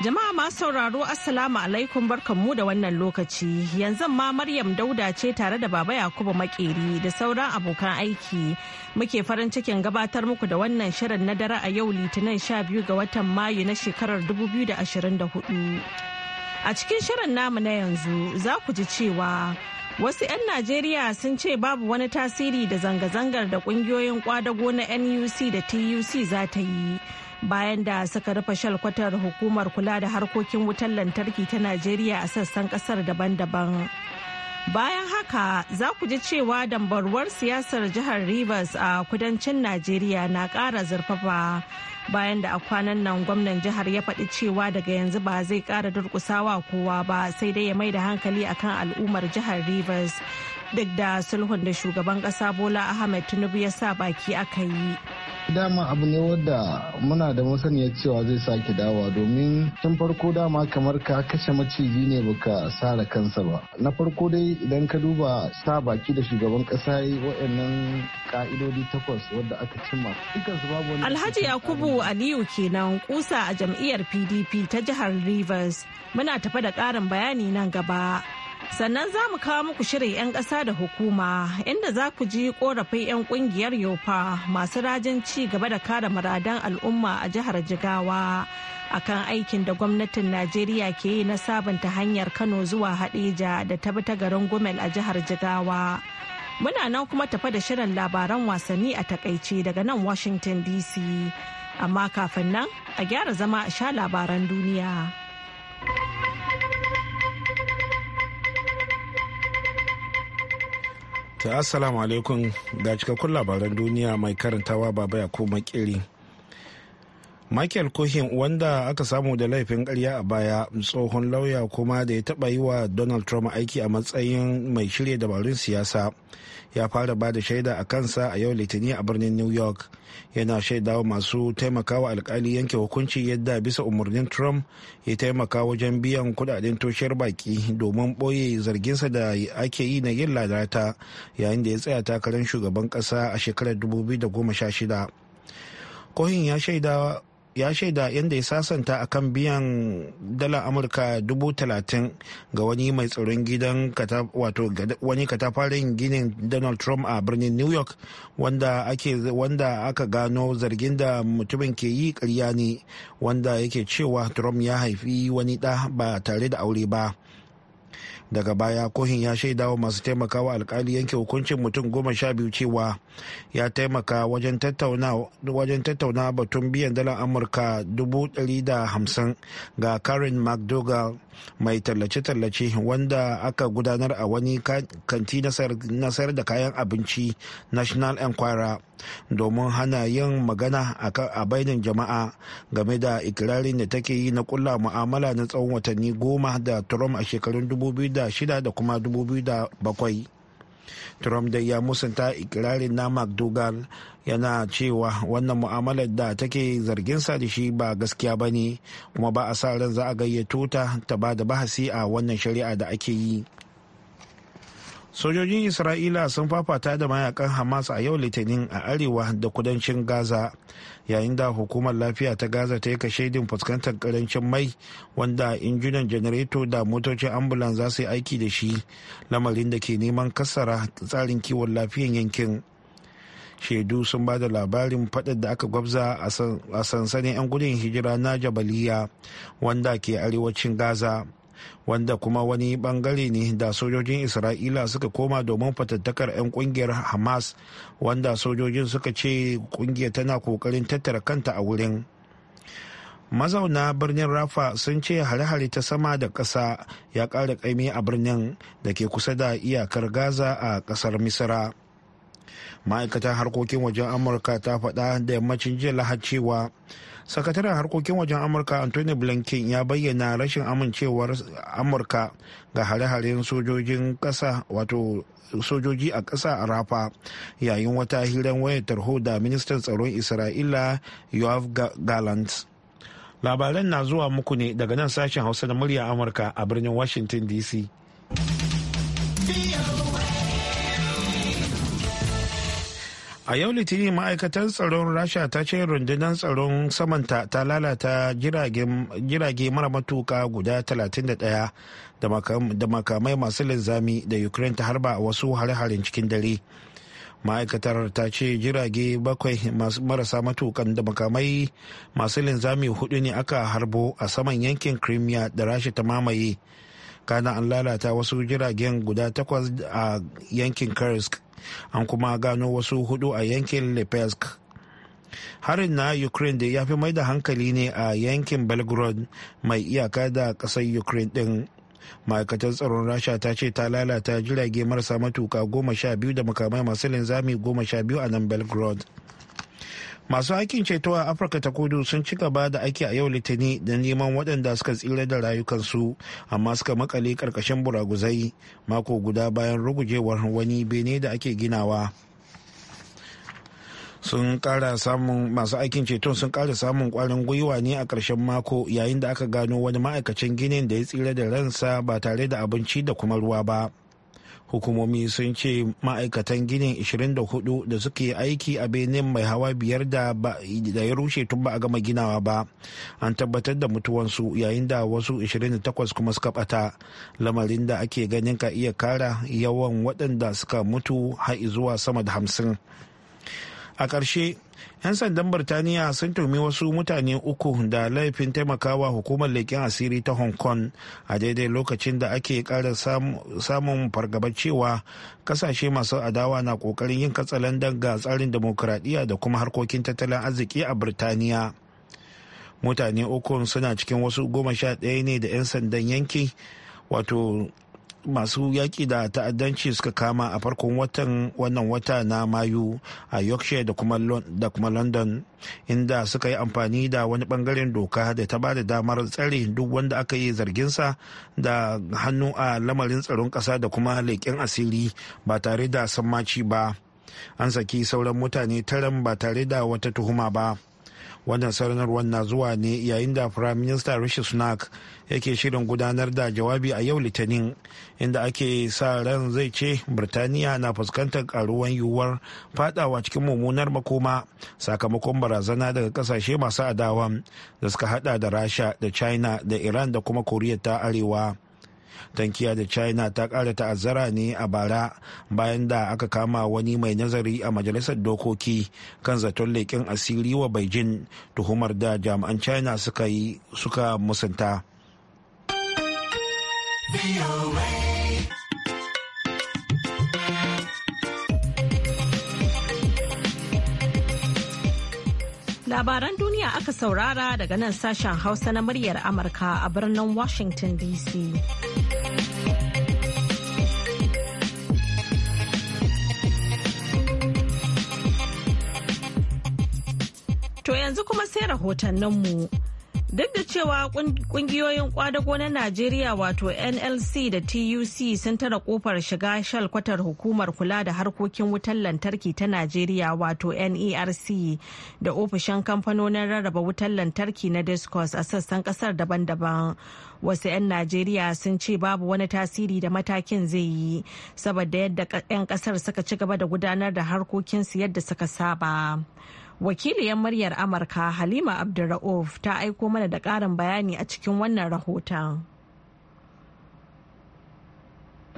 Jama'a masu sauraro Assalamu alaikum barkanmu da wannan lokaci. Yanzu ma Maryam Dauda ce tare da Baba Yakubu Makeri da sauran abokan aiki. Muke farin cikin gabatar muku da wannan shirin na dare a yau Litinin 12 ga watan Mayu na shekarar 2024. A cikin shirin namu na yanzu za ku ji cewa Wasu 'yan Najeriya sun ce babu wani tasiri da zanga-zangar da ƙungiyoyin kwadago na NUC da TUC za ta yi. bayan da suka rufe shalkwatar hukumar kula da harkokin wutar lantarki ta najeriya a sassan kasar daban-daban bayan haka za ku ji cewa dambarwar siyasar jihar rivers a kudancin najeriya na ƙara zurfafa bayan da a kwanan nan gwamnan jihar ya faɗi cewa daga yanzu ba zai ƙara durƙusawa kowa ba sai dai ya mai da hankali akan al'ummar jihar rivers duk da sulhun da shugaban ƙasa bola ahmed tinubu ya sa baki aka yi dama abu ne wadda muna da masaniya cewa zai sake dawa domin tun farko dama kamar ka kashe maciji ne baka sare kansa ba na farko dai idan ka duba sa baki da shugaban kasa yi waɗannan ka'idodi takwas wadda aka cimma alhaji yakubu aliyu kenan kusa a jam'iyyar pdp ta jihar rivers muna tafa da ƙarin bayani nan gaba Sannan za mu kawo muku shirin 'yan ƙasa da hukuma inda za ku ji korafin 'yan ƙungiyar yofa masu rajin ci gaba da kare muradan al'umma a jihar Jigawa akan aikin da gwamnatin Najeriya ke yi na sabunta hanyar Kano zuwa Hadeja da ta bi ta garin Gumel a jihar Jigawa. Muna nan kuma tafa da shirin labaran wasanni a takaice daga nan Washington DC. Amma kafin nan a gyara zama a sha labaran duniya. ta assalamu alaikum ga cikakkun labaran duniya mai karantawa baba ya ko makiri michael cohen wanda aka samu da laifin karya a baya tsohon lauya kuma da ya taba yi wa donald trump aiki a matsayin mai shirya dabarun siyasa ya fara ba da shaida a kansa a yau litinin a birnin new york yana shaidawa masu taimakawa alkali yanke hukunci yadda bisa umarnin trump ya taimaka wajen biyan kudaden toshiyar baki domin boye zarginsa da ake yi na yin lalata yayin da ya tsaya takarar shugaban kasa a shekarar 2016 kohin ya shaida ya shaida yadda ya sasanta a kan biyan dala amurka dubu talatin ga wani mai tsoron gidan wato wani katafarin ginin donald trump a birnin new york wanda, ake, wanda aka gano zargin da mutumin ke yi karya ne wanda yake cewa trump ya haifi wani ɗa ba tare da aure ba daga baya kohin ya shaida wa masu taimakawa alkali yanke hukuncin mutum goma sha biyu cewa ya taimaka wajen tattauna batun biyan dalar amurka dubu da hamsin ga karen mcdougall mai tallace-tallace wanda aka gudanar a wani kanti na sayar da kayan abinci national enquirer domin hana yin magana a bainin jama'a game da ikirarin da take yi na kulla mu'amala na tsawon watanni goma da trump a shekarun 2006 da kuma 2007 trump dai ya musanta ikirarin na mcdougal yana cewa wannan mu'amalar da take zarginsa da shi ba gaskiya ba ne kuma ba a sa ran za a gayyato ta ta ba da bahasi a wannan shari'a da ake yi sojojin isra'ila sun fafata da mayakan hamas a yau litinin a arewa da kudancin gaza yayin da hukumar lafiya ta gaza ta yi kashedin fuskantar karancin mai wanda injunan janareto da motocin ambulan za su yi aiki da shi lamarin da ke neman kasara tsarin kiwon lafiyan yankin shaidu sun ba da labarin faɗin da aka gwabza a sansanin 'yan gudun hijira na jabaliya wanda ke arewacin gaza wanda kuma wani bangare ne da sojojin isra'ila suka koma domin fatattakar 'yan kungiyar hamas wanda sojojin suka ce kungiyar tana kokarin tattara kanta a wurin mazauna birnin rafa sun ce hare-hare ta sama da ƙasa ya ƙara ƙaimi a birnin da ke kusa da iyakar gaza a ƙasar misira ma'aikatan harkokin wajen amurka ta faɗa da yammacin jiya lahar sakataren harkokin wajen amurka anthony blinken ya bayyana rashin amincewar amurka ga hare-haren sojojin kasa wato sojoji a kasa a rafa yayin wata hiran wayar tarho da ministan tsaron isra'ila yoav gallant labaran na zuwa muku ne daga nan sashen hausa na murya amurka a birnin washington dc a yau litinin ma'aikatar tsaron rasha ta ce rundunar tsaron samanta ta lalata jirage mara matuka guda 31 da makamai masu linzami da ukraine ta harba wasu hare-haren cikin dare ma'aikatar ta ce jirage bakwai marasa matukan da makamai masu linzami hudu ne aka harbo a saman yankin crimea da rasha ta mamaye kana an lalata wasu jiragen guda takwas a yankin kursk an kuma gano wasu hudu a yankin lepesk harin na ukraine da ya fi mai da hankali ne a yankin belgrade mai iyaka da kasar ukraine din ma'aikatar tsaron rasha ta ce ta lalata jirage marasa matuka goma sha biyu da makamai masu linzami goma sha biyu a nan belgrade masu aikin ceto a afirka ta kudu sun ci gaba da aiki a yau litini da neman waɗanda suka tsira da rayukansu amma suka makale ƙarƙashin buraguzai mako guda bayan rugujewar wani bene da ake ginawa sun kara samun masu aikin ceton sun kara samun kwarin gwiwa ne a karshen mako yayin da aka gano wani ma'aikacin ginin da ya tsira da ransa ba tare da abinci da kuma ruwa ba hukumomi sun ce ma'aikatan ginin 24 da suke aiki a benin mai hawa biyar da ya rushe tun ba a gama ginawa ba an tabbatar da mutuwansu yayin da wasu 28 kuma suka bata lamarin da ake ganin ka iya kara yawan waɗanda suka mutu har zuwa sama da 50 a ƙarshe 'yan sandan birtaniya sun tumi wasu mutane uku da laifin taimakawa hukumar leƙen asiri ta hong kong a daidai lokacin da ake ƙara samun fargabar cewa ƙasashe masu adawa na ƙoƙarin yin katsalandan ga tsarin demokuraɗiyya da kuma harkokin tattalin arziki a birtaniya mutane uku suna cikin wasu goma sha ɗaya ne da 'yan sandan yanki wato masu yaƙi da ta'addanci suka kama a farkon watan wannan wata na mayu a yorkshire da kuma london inda suka yi amfani da wani bangaren doka da ta bada damar tsare duk wanda aka yi zarginsa da hannu a lamarin tsaron ƙasa da kuma leƙen asiri ba tare da sammaci ba an saki sauran mutane taron ba tare da wata tuhuma ba. wannan sanarwar na zuwa ne yayin da prime minister rishi sunak yake shirin gudanar da jawabi a yau litinin inda ake sa ran zai ce birtaniya na fuskantar karuwan yiwuwar fadawa cikin mummunar makoma sakamakon barazana daga kasashe masu adawa da suka hada da rasha da china da iran da kuma koriya ta arewa tankiya da china ta ƙara ta'azzara ne a bara bayan da aka kama wani mai nazari a majalisar dokoki kan zaton leƙen asiri wa beijing tuhumar da jami'an china suka yi suka musanta Labaran duniya aka saurara daga nan sashen Hausa na muryar Amurka a birnin Washington DC. yanzu kuma sai rahotanninmu. Duk da cewa kungiyoyin kwadago na Najeriya wato NLC da TUC sun tara kofar shiga shalkwatar hukumar kula da harkokin wutar lantarki ta Najeriya wato NERC da ofishin kamfanonin rarraba wutar lantarki na Discos a sassan kasar daban-daban. Wasu 'yan Najeriya sun ce babu wani tasiri da matakin zai yi saboda yadda 'yan kasar suka ci gaba da gudanar da harkokinsu yadda suka saba. wakiliyar muryar amurka halima abdulra'uf ta aiko mana da karin bayani a cikin wannan rahoton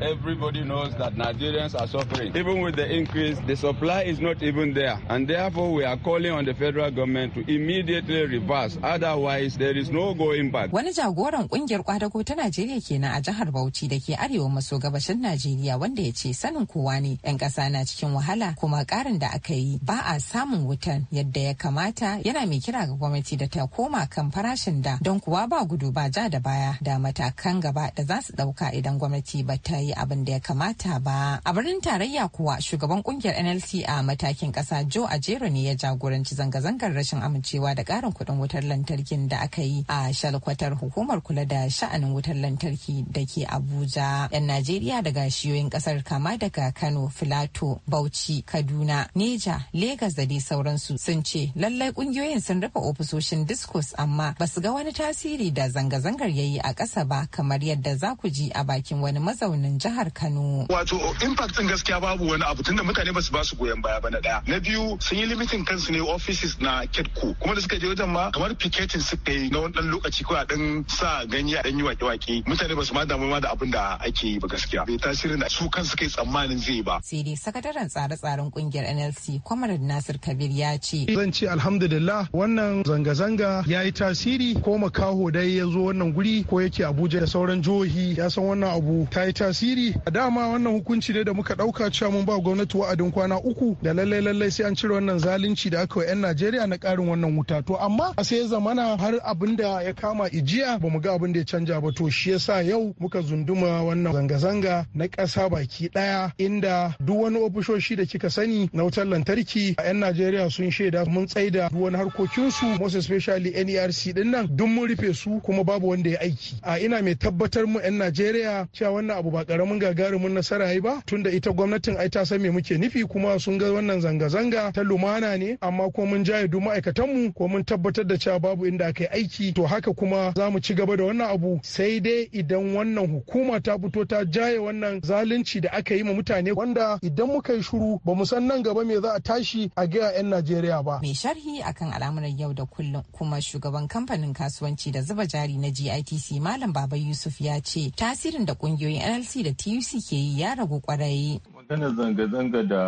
everybody knows that Nigerians are suffering. Even with the increase, the supply is not even there. And therefore, we are calling on the federal government to immediately reverse. Otherwise, there is no going back. Wani jagoran kungiyar kwadago ta Najeriya kenan a jihar Bauchi da ke arewa maso gabashin Najeriya wanda ya ce sanin kowa ne 'yan ƙasa na cikin wahala kuma ƙarin da aka yi ba a samun wutan yadda ya kamata yana mai kira ga gwamnati da ta koma kan farashin da don kuwa ba gudu ba ja da baya da matakan gaba da za su ɗauka idan gwamnati ba ta yi yi abin da ya kamata ba a birnin tarayya kuwa shugaban kungiyar nlc a matakin kasa joe ajero ne ya jagoranci zanga-zangar rashin amincewa da karin kuɗin wutar lantarkin da aka yi a shalkwatar hukumar kula da sha'anin wutar lantarki da ke abuja yan najeriya daga shiyoyin kasar kama daga kano filato bauchi kaduna neja legas da dai sauransu sun ce lallai kungiyoyin sun rufe ofisoshin discos amma ba su ga wani tasiri da zanga-zangar ya yi a ƙasa ba kamar yadda za ku ji a bakin wani mazaunin gwamnan jihar Kano. Wato impact din gaskiya babu wani abu tunda mutane basu basu goyon baya ba na daya. Na biyu sun yi limitin kansu ne offices na Kedko kuma da suka je wajen ma kamar picketing suka yi na wani dan lokaci ko a dan sa ganye a dan yi wake-wake mutane basu ma damu ma da abin da ake yi ba gaskiya. Bai tasirin da su kansu kai tsammanin zai ba. Sai dai sakataren tsare-tsaren kungiyar NLC kwamar Nasir Kabir ya ce. Zan ce alhamdulillah wannan zanga-zanga ya yi tasiri ko makaho dai ya zo wannan guri ko yake Abuja da sauran jihohi ya san wannan abu ta yi tasiri tasiri dama wannan hukunci ne da muka dauka cewa mun ba gwamnati wa'adin kwana uku da lallai lallai sai an cire wannan zalunci da aka wa 'yan najeriya na karin wannan wuta to amma a sai zamana har abin da ya kama ijiya ba mu ga abin da ya canja ba to shi yasa yau muka zunduma wannan zanga-zanga na kasa baki ɗaya inda duk wani ofishoshi da kika sani na wutar lantarki a 'yan najeriya sun shaida mun tsaida duk wani harkokinsu most especially nerc din nan duk mun rufe su kuma babu wanda ya aiki a ina mai tabbatar mu 'yan najeriya cewa wannan abu ba karamin gagarumin nasara ya yi ba da ita gwamnatin ai ta san me muke nufi kuma sun ga wannan zanga-zanga ta lumana ne amma ko mun jaye duk ma'aikatanmu ko mun tabbatar da cewa babu inda aka yi aiki to haka kuma za mu ci gaba da wannan abu sai dai idan wannan hukuma ta fito ta jaye wannan zalunci da aka yi ma mutane wanda idan muka yi shiru ba mu san nan gaba me za a tashi a ga 'yan Najeriya ba. Mai sharhi akan al'amuran yau da kullum kuma shugaban kamfanin kasuwanci da zuba jari na GITC Malam Baba Yusuf ya ce tasirin da kungiyoyin NLC da tuc ke yi ya ragu kwarai magana zanga-zanga da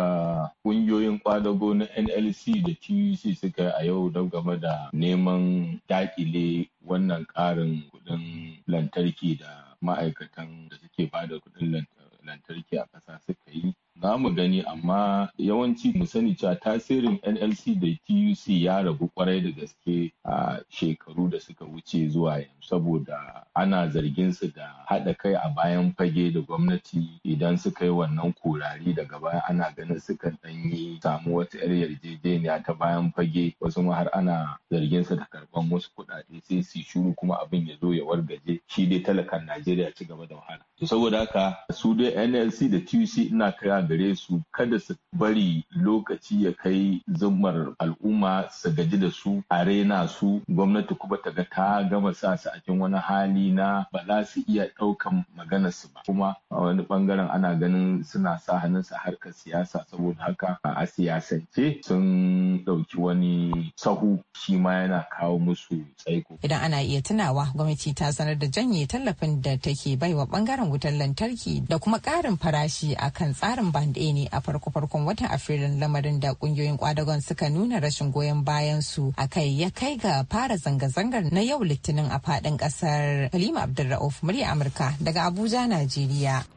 kungiyoyin kwadago na nlc da tuc suka yi a yau don game da neman dakile wannan karin kudin lantarki da ma'aikatan da suke bada kudin lantarki a ƙasa suka yi za mu gani amma yawanci mu sani cewa tasirin nlc da tuc ya rabu kwarai da gaske a shekaru da suka wuce zuwa yanzu saboda ana zargin su da haɗa kai a bayan fage da gwamnati idan suka yi wannan kurari daga baya ana ganin sukan ɗan yi samu wata yar yarjejeniya ta bayan fage wasu ma har ana zargin su da karɓan wasu kuɗaɗe sai su shuru kuma abin ya zo ya wargaje shi dai talakan najeriya ci gaba da wahala saboda haka su dai nlc da tuc ina kira gare su kada su bari lokaci ya kai zumar al'umma su gaji da su a rena su gwamnati kuma ta ga ta gama sa su a cikin wani hali na ba za su iya ɗaukan magana su ba kuma a wani bangaren ana ganin suna sa hannun su harkar siyasa saboda haka a siyasance sun ɗauki wani sahu shi ma yana kawo musu tsaiko. Idan ana iya tunawa gwamnati ta sanar da janye tallafin da take baiwa bangaren wutar lantarki da kuma ƙarin farashi akan tsarin band ne a farko farkon watan afrilun lamarin da kungiyoyin kwadagon suka nuna rashin goyon bayan su a kai ya kai ga fara zanga-zangar na yau litinin a fadin kasar halima abdulra'uf murya amurka daga abuja najeriya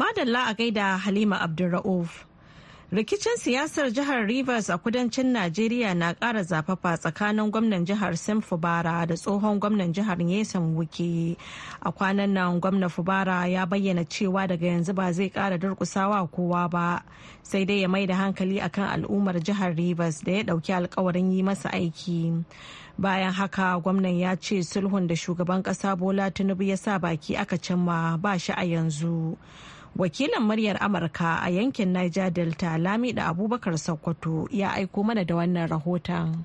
madalla a gaida halima abdulra'uf rikicin siyasar jihar rivers a kudancin najeriya na ƙara zafafa tsakanin gwamnan jihar sam fubara da tsohon gwamnan jihar nesan wuke a kwanan nan gwamna fubara ya bayyana cewa daga yanzu ba zai ƙara durkusawa kowa ba sai dai ya mai da hankali akan al'ummar jihar rivers da ya ɗauki alkawarin yi masa aiki bayan haka gwamnan ya ce sulhun da shugaban ƙasa bola tinubu ya sa baki aka cimma ba shi a yanzu wakilin muryar amurka a yankin niger delta lamida abubakar sokoto ya aiko mana da wannan rahoton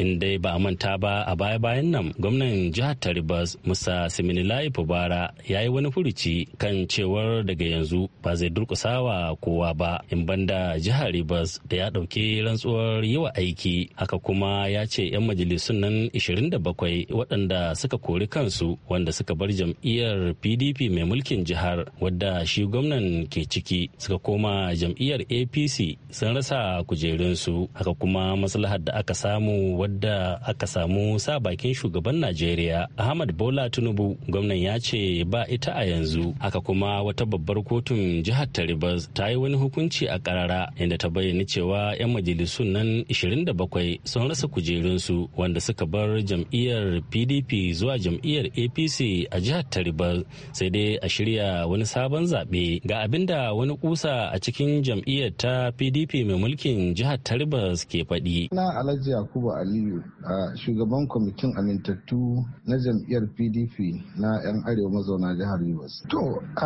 in dai ba a manta ba a baya-bayan nan gwamnan jihar taribas musa siminilai fubara ya yi wani furuci kan cewar daga yanzu ba zai durkusawa kowa ba in banda jihar ribas da ya ɗauki rantsuwar yi wa aiki haka kuma ya ce 'yan majalisun nan 27 waɗanda suka kori kansu wanda suka bar jam'iyyar pdp mai mulkin jihar wadda shi gwamnan ke ciki suka koma jam'iyyar apc sun rasa kujerunsu haka kuma maslahar da aka samu wadda aka samu sa bakin shugaban najeriya ahmad bola tinubu gwamnan ya ce ba ita a yanzu haka kuma wata babbar kotun jihar taribas ta yi wani hukunci a karara inda ta bayyana cewa 'yan majalisun nan 27 sun rasa kujerunsu wanda suka bar jam'iyyar pdp zuwa jam'iyyar apc a jihar taribas sai dai a shirya wani sabon zaɓe ga abinda wani kusa a cikin jam'iyyar ta pdp mai mulkin jihar taribas ke faɗi. na alhaji yakubu ali aliyu a shugaban kwamitin amintattu na jam'iyyar pdp na 'yan arewa mazauna jihar rivers to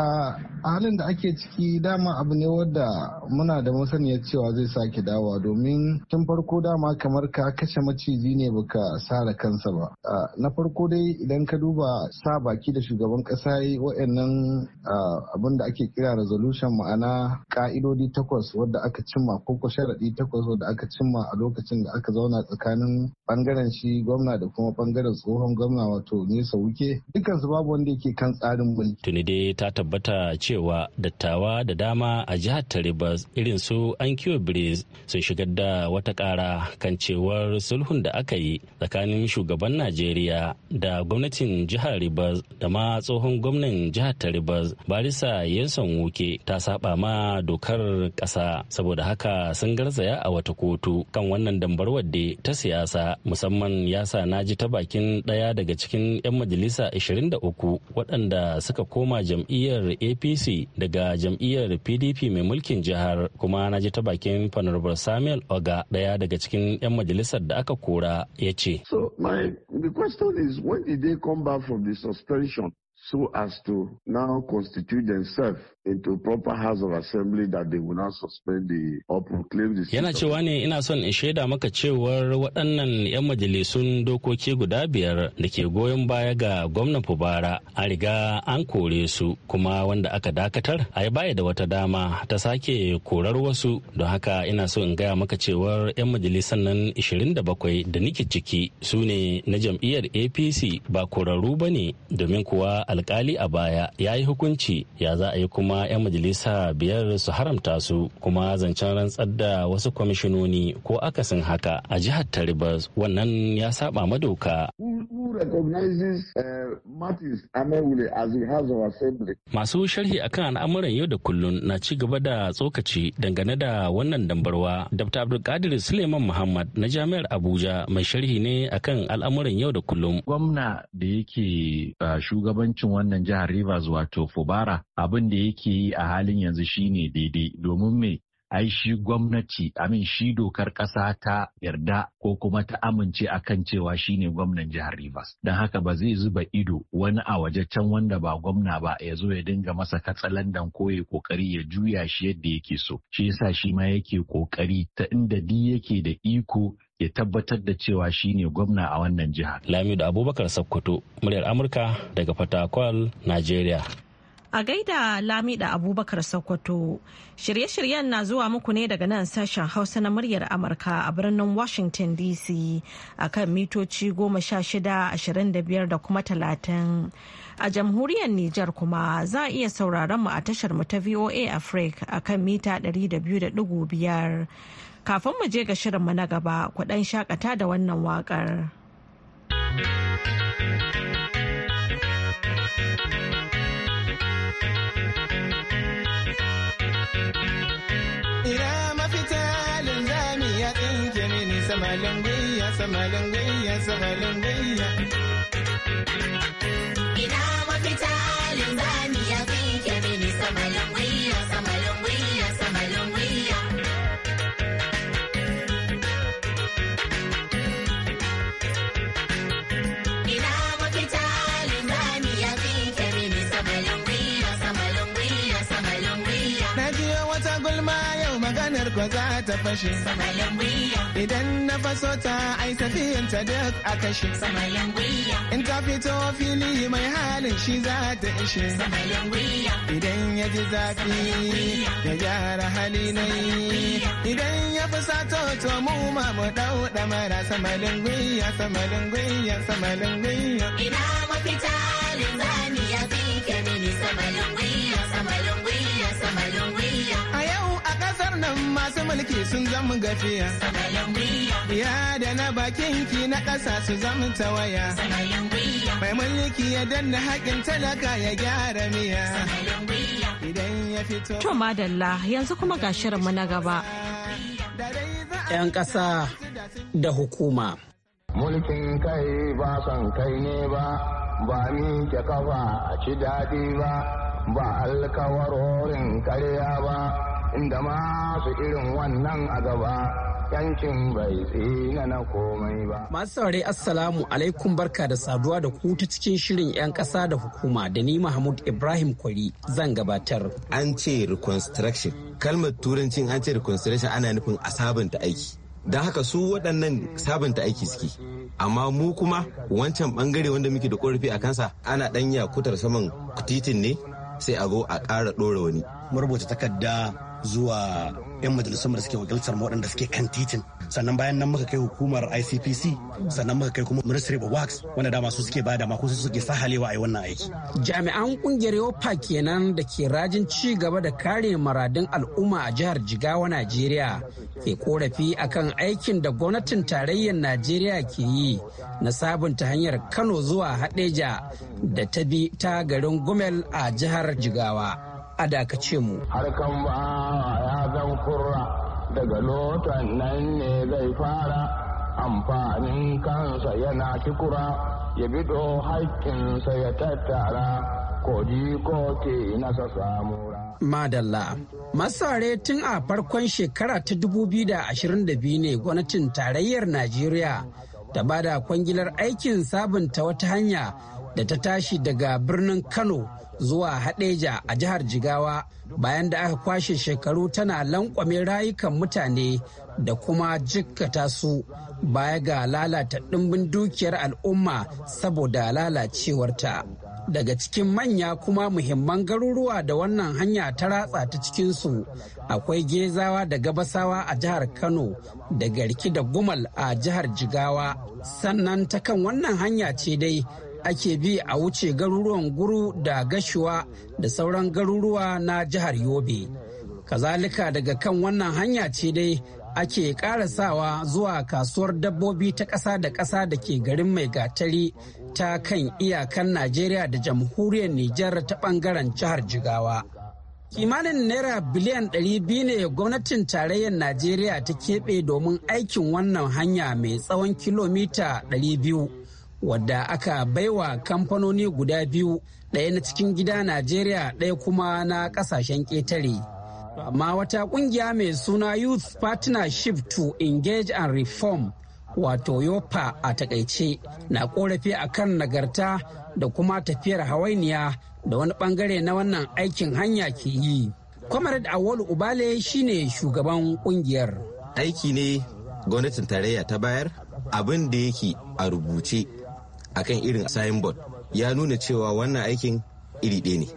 a halin da ake ciki dama abu ne wadda muna da masaniyar cewa zai sake dawa domin tun farko dama kamar ka kashe maciji ne baka sare kansa ba na farko dai idan ka duba sa baki da shugaban kasa yi wa'annan abin da ake kira resolution ma'ana ka'idodi takwas wadda aka cimma ko sharaɗi takwas wadda aka cimma a lokacin da aka zauna tsakanin bangaren shi gwamna da kuma bangaren tsohon gwamna wato sauke wuke dukansu babu wanda yake kan tsarin mulki. Tuni dai ta tabbata cewa dattawa da dama a jihar Taribas irin su an kiwo Breeze sun shigar da wata kara kan cewar sulhun da aka yi tsakanin shugaban Najeriya da gwamnatin jihar ribas da ma tsohon gwamnan jihar taribas Barisa yanson Wuke ta saba ma dokar kasa saboda haka sun garzaya a wata kotu kan wannan dambarwar da ta siyasa. matasa musamman ya sa na ji ta bakin ɗaya daga cikin 'yan majalisa 23 waɗanda suka koma jam'iyyar apc daga jam'iyyar pdp mai mulkin jihar kuma na ji ta bakin panarbal samuel oga ɗaya daga cikin 'yan majalisar da aka kora ya ce so my the question is when did from the suspension so as to now constitute themselves into proper house of assembly that they will not suspend the or proclaim the yana cewa ne ina son in shaida maka cewar waɗannan 'yan majalisun dokoki guda biyar da ke goyon baya ga gwamnan fubara a riga an kore su kuma wanda aka dakatar a baya da wata dama ta sake korar wasu don haka ina so in gaya maka cewar 'yan majalisan nan 27 da nike ciki su ne na jam'iyyar apc ba korarru ba ne domin kuwa a alkali a baya ya yi hukunci ya za a yi kuma 'yan majalisa biyar su haramta su kuma zancen rantsar da wasu kwamishinoni ko akasin haka a jihar taribas wannan ya saba madoka. recognizes uh, Martins Amewule Masu sharhi akan al'amuran yau da kullun na ci gaba da tsokaci dangane da wannan dambarwa. Dr. Abdulkadir Suleiman Muhammad na Jami'ar Abuja mai sharhi ne akan al'amuran yau da kullum. Gwamna da yake uh, shugabancin wannan jihar Rivers wato Fubara abin da yake yi a halin yanzu shine daidai domin me ai shi gwamnati amin shi dokar ƙasa ta yarda ko kuma ta amince a kan cewa shine gwamnan jihar Rivers don haka ba zai zuba ido wani a waje can wanda ba gwamna ba ya zo ya dinga masa katsalandan ko ya kokari ya juya shi yadda yake so shi yasa shi ma yake kokari ta inda di yake da iko ya tabbatar da cewa shine gwamna a wannan jihar. Lamido Abubakar Sokoto, muryar Amurka daga Fatakwal, Najeriya. A gaida Lamida Abubakar Sokoto, shirye-shiryen na zuwa muku ne daga nan sashen Hausa na muryar Amurka a birnin Washington DC a kan mitoci 16-25 da kuma 30. A jamhuriyar Nijar kuma za a iya sauraron mu a tashar mu ta VOA Africa a kan mita 200.5. Kafin mu je ga shirin mu na gaba, kuɗan shakata da wannan waƙar. za ta fashe. Idan na faso ta ai safiyan ta duk a kashe. In ta fito fili mai halin shi za ta ishe. Idan ya ji zafi ya gyara hali na yi. Idan ya fi sato to mu ma mu dau damara samalin gwiya samalin gwiya samalin gwiya. Ina mafita linzani ya fi kemini samalin gwiya. nan masu mulki sun zama gafiya. Ya da na bakin ki na ƙasa su zama tawaya. Mai mulki ya danna haƙin talaka ya gyara miya. idan ya fito. To madalla yanzu kuma ga shirinmu na gaba. 'Yan ƙasa da hukuma. Mulkin kai ba son kai ne ba, ba ni ke kafa a ci daɗi ba, ba alkawarorin karya ba. ma masu irin wannan a gaba. yankin bai tsina na komai ba. Masu saurari Assalamu alaikum barka da saduwa da ku ta cikin shirin 'yan ƙasa da hukuma da ni Mahmud Ibrahim Kwari zan gabatar. An ce reconstruction. Kalmar turancin an ce reconstruction ana nufin a sabunta aiki. Don haka su waɗannan sabunta aiki suke. Amma mu kuma wancan ɓangare wanda muke da ƙorafi a kansa ana ɗanya kutar saman titin ne sai a zo a ƙara ɗora wani. Marubuta takarda zuwa 'yan majalisun da suke wakiltar waɗanda suke kan titin sannan bayan nan muka kai hukumar icpc sannan muka kai kuma ministry of works wanda dama su suke bada ma ko su suke sahalewa a yi wannan aiki jami'an kungiyar yopa kenan da ke rajin ci gaba da kare maradin al'umma a jihar jigawa najeriya ke korafi akan aikin da gwamnatin tarayyar najeriya ke yi na sabunta hanyar kano zuwa hadeja da ta bi ta garin gumel a jihar jigawa a dakace mu harkan ba ya zan kurra daga lotan nan ne zai fara amfanin kansa yana kikura ya bido haƙƙinsa ya tattara koji ko ke nasa madalla masare tun a farkon shekara ta 2022 ne gwamnatin tarayyar najeriya ta bada kwangilar aikin sabunta wata hanya da ta tashi daga birnin kano zuwa hadeja a jihar jigawa bayan da aka kwashe shekaru tana lankwame rayukan mutane da kuma jikkata su baya ga lalata ɗimbin dukiyar al'umma saboda lalacewarta daga cikin manya kuma muhimman garuruwa da wannan hanya ta ratsa ta cikinsu akwai gezawa da gabasawa a jihar kano da garki da gumal a jihar jigawa sannan ta kan wannan hanya ce dai ake bi a wuce garuruwan guru da gashuwa da sauran garuruwa na jihar yobe kazalika daga kan wannan hanya ce dai ake karasawa zuwa kasuwar dabbobi ta ƙasa da ƙasa da ke garin mai gatari ta kan iyakan najeriya da jamhuriyar nijar ta ɓangaren jihar jigawa kimanin naira biliyan 200 ne gwamnatin tarayyar najeriya ta keɓe domin aikin wannan hanya mai tsawon kilomita 200 wadda aka baiwa kamfanoni guda biyu ɗaya na cikin gida najeriya ɗaya kuma na ƙasashen ƙetare amma wata ƙungiya mai suna youth partnership to engage and reform wato yopa a takaice na ƙorafi a kan nagarta da kuma tafiyar hawainiya da wani ɓangare na wannan aikin hanya ke yi comrade awolu ubale shine shugaban ƙungiyar. aiki ne gwamnatin tarayya ta bayar abin da yake a rubuce akan irin signboard ya nuna cewa wannan aikin iri ɗaya ne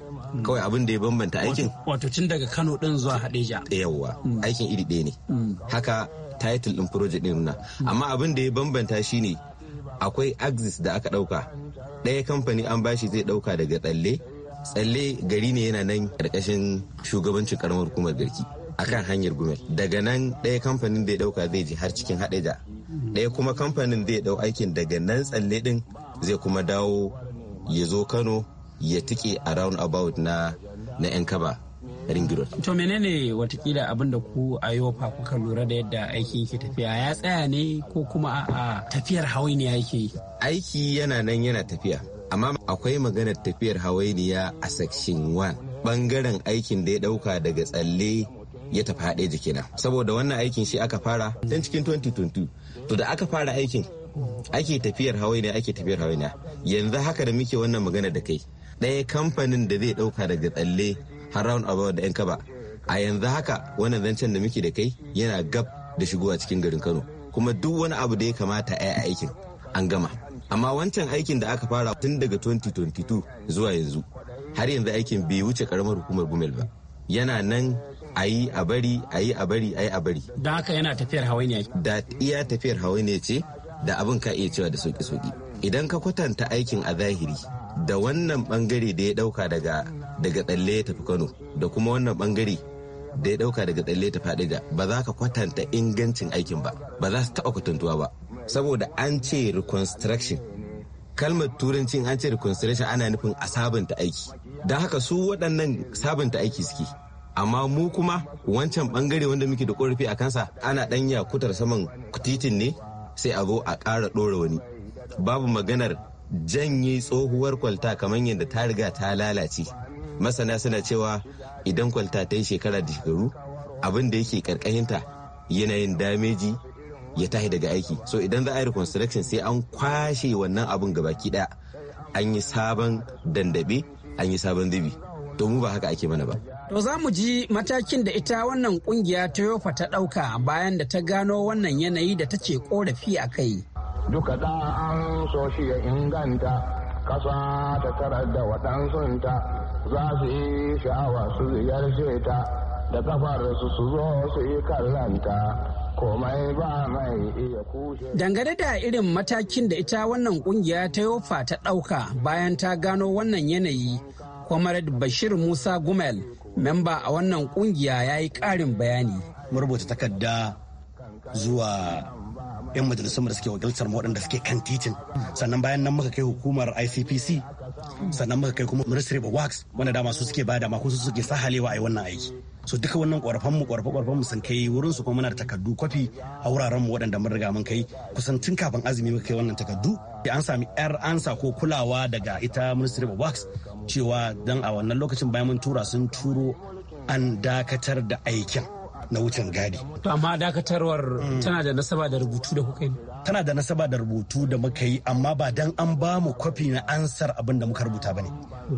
kawai abin da ya bambanta aikin wato tun daga kano ɗin zuwa hadeja yawwa mm. aikin iri ɗaya ne mm. haka title ɗin project ɗin nuna amma abin da ya bambanta shine akwai axis da aka ɗauka ɗaya kamfani an bashi zai ɗauka daga tsalle tsalle gari ne yana nan ƙarƙashin shugabancin karamar hukumar garki akan hanyar gumel daga nan ɗaya kamfanin da ya ɗauka zai je har cikin haɗeja ɗaya kuma kamfanin zai ɗau aikin daga nan tsalle ɗin zai kuma dawo ya zo kano ya tike a about na na yan kaba to menene watakila abin da ku a yofa kuka lura da yadda aikin yake tafiya ya tsaya ne ko kuma a tafiyar hawainiya yake aiki yana nan yana tafiya amma akwai maganar tafiyar hawainiya a section 1 bangaren aikin da ya dauka daga tsalle ya tafi haɗe jikina saboda wannan aikin shi aka fara tun cikin 2022 to da aka fara aikin ake tafiyar hawainiya ake tafiyar hawainiya yanzu haka da muke wannan magana da kai ɗaya kamfanin da zai ɗauka daga tsalle har round about da 'yan kaba a yanzu haka wannan zancen da muke da kai yana gab da shigo a cikin garin kano kuma duk wani abu da ya kamata a yi aikin an gama amma wancan aikin da aka fara tun daga 2022 zuwa yanzu har yanzu aikin bai wuce karamar hukumar gumel ba yana nan a yi a bari a yi a bari a yi a bari da haka yana tafiyar hawainiya da iya tafiyar hawainiya ce da abin ka iya cewa da soki-soki idan ka kwatanta aikin a zahiri da wannan bangare da ya dauka daga daga tsalle ya tafi kano da kuma wannan bangare da ya dauka daga tsalle ta fadida ba za ka kwatanta ingancin aikin ba ba za su taba kwatantuwa ba saboda an ce reconstruction kalmar turancin an ce reconstruction ana nufin a sabunta aiki da haka su waɗannan sabunta aiki suke amma mu kuma wancan bangare wanda muke da korafi a kansa ana ɗan kutar saman titin ne sai a zo a ƙara ɗora wani babu maganar janye tsohuwar kwalta kamar yadda ta riga ta lalace masana suna cewa idan kwalta ta yi shekara da shekaru abin da yake karkashinta yanayin dameji ya tahi daga aiki so idan za a yi reconstruction sai an kwashe wannan abin gabaki daya an yi sabon dandabe an yi sabon zubi to mu ba haka ake mana ba To za mu ji matakin da ita wannan kungiya yofa ta ɗauka bayan da ta gano wannan yanayi da ta ce ƙorafi a kai. Duka ɗan an so shi ya inganta, kasa ta tarar da waɗansunta za su yi sha'awa su ziyarce ta da kafar su su zo su yi kallanta. komai ba mai iya kushe. Dangane da irin matakin da ita wannan kungiya ta yofa ta ɗauka bayan ta gano wannan yanayi, comrade bashir musa gumel memba a wannan kungiya ya yi karin bayani rubuta takarda zuwa 'yan majalisun da suke wakiltar waɗanda suke kan titin sannan bayan nan muka kai hukumar icpc sannan muka kai kuma ministry of works wanda dama su suke bada ma su suke sahalewa a yi wannan aiki so duka wannan ƙwarfan mu ƙwarfe ƙwarfen mu sun kai wurin su kuma muna da takardu kwafi a wuraren mu waɗanda mun riga mun kai kusan tun kafin azumi muka kai wannan takardu an sami yar ansa ko kulawa daga ita ministry of works cewa dan a wannan lokacin bayan mun tura sun turo an dakatar da aikin na wucin gadi. To amma dakatarwar mm. tana da nasaba da rubutu da kuka yi. tana da nasaba da rubutu da muka yi amma ba dan an ba mu kwafi na ansar abin da muka rubuta ba ne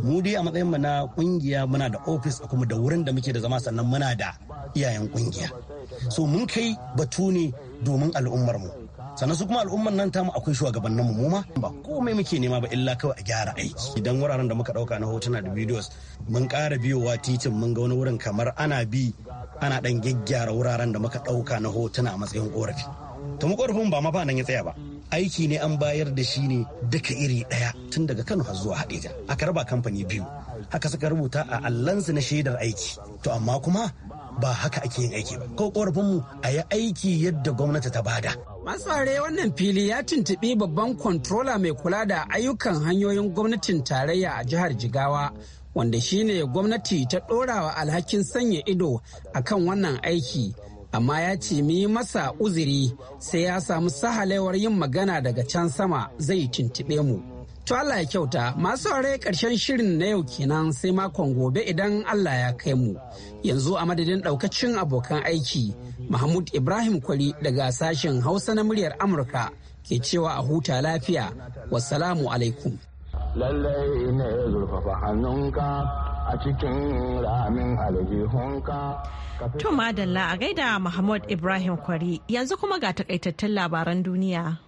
mu dai a matsayin mu na kungiya muna da ofis a kuma da wurin da muke da zama sannan muna da iyayen kungiya so mun kai batu ne domin al'ummar mu sannan su kuma al'ummar nan tamu akwai shugabannin mu ma ba komai muke nema ba illa kawai a gyara aiki idan wuraren da muka dauka na hotuna da videos mun ƙara biyowa titin mun ga wani wurin kamar ana bi ana dan gyaggyara wuraren da muka dauka na hotuna a matsayin korafi Tamu ƙorafin ba mafa nan ya tsaya ba. Aiki ne an bayar da shi ne duka iri ɗaya tun daga Kano har zuwa Hadeja. Aka raba kamfani biyu. Haka suka rubuta a allansu na shaidar aiki. To amma kuma ba haka ake yin aiki ba. Ko mu a yi aiki yadda gwamnati ta bada. masare wannan fili ya tuntubi babban kwantrola mai kula da ayyukan hanyoyin gwamnatin tarayya a jihar Jigawa. Wanda shine gwamnati ta ɗorawa alhakin sanya ido akan wannan aiki. amma ya ce mu yi masa uzuri sai ya samu sahalewar yin magana daga can sama zai tuntube mu. To Allah ya kyauta masu aure ƙarshen shirin na yau kenan sai makon gobe idan Allah ya kai mu. Yanzu a madadin ɗaukacin abokan aiki Mahmud Ibrahim Kwari daga sashen Hausa na muryar Amurka ke cewa a huta lafiya. Wassalamu alaikum. Lallai ne zurfafa hannunka a cikin ramin aljihunka. To madalla a gaida muhammad Ibrahim Kwari yanzu kuma ga takaitattun labaran duniya.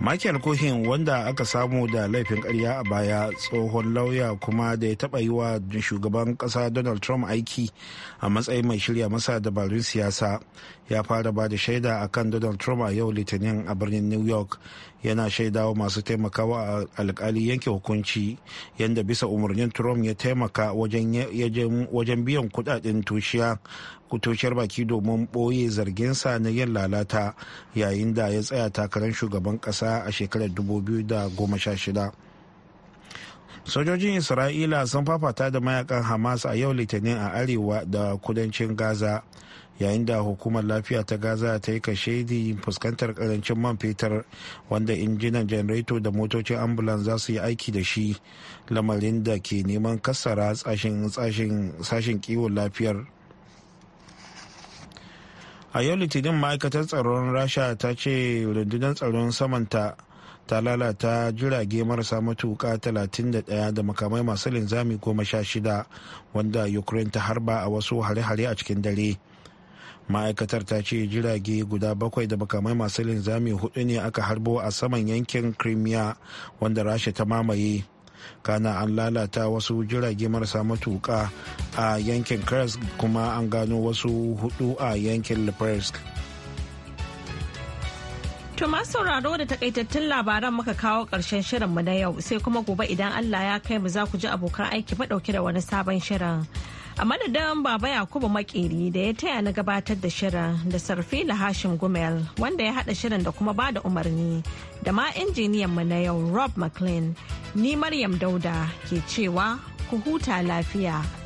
Michael Cohen wanda aka samu da laifin karya a baya tsohon lauya kuma da ya taɓa yi wa shugaban ƙasa Donald Trump aiki a matsayin mai shirya masa dabarun siyasa ya fara ba da shaida a kan donald trump a yau litinin a birnin new york yana shaidawa masu taimakawa a alkali yanke hukunci yadda bisa umarnin trump ya taimaka wajen biyan kudaden tushiyar baki domin ɓoye zarginsa na yin lalata yayin da ya tsaya takarar shugaban kasa a shekarar 2016 sojojin isra'ila sun fafata da mayakan hamas a yau litinin a arewa da kudancin gaza yayin da hukumar lafiya ta gaza ta yi kashedi fuskantar karancin man fetur wanda injinan janareto da motocin ambulan za su yi aiki da shi lamarin da ke neman kassara sashen kiwon lafiyar a yau litinin ma'aikatar tsaron rasha ta ce rundunar tsaron samanta ta lalata jirage marasa matuka 31 da makamai masu linzami 16 wanda ukraine ta harba a wasu hare-hare a cikin dare ma'aikatar ta ce jirage guda bakwai da makamai masu linzami hudu ne aka harbo a saman yankin crimea wanda rasha ta mamaye kana an lalata wasu jirage marasa matuka a yankin kursk kuma an gano wasu hudu a yankin lepersk To sauraro da takaitattun labaran muka kawo ƙarshen mu na yau sai kuma gobe idan Allah ya kai mu za ku ji abokan aiki madauke da wani sabon shirin. A madadin Baba Yakubu Makeri da ya taya na gabatar da shirin da sarfi Hashim Gumel wanda ya haɗa shirin da kuma bada umarni da ma injiniyan mu na yau Rob McLean ni Maryam Dauda ke cewa ku huta lafiya.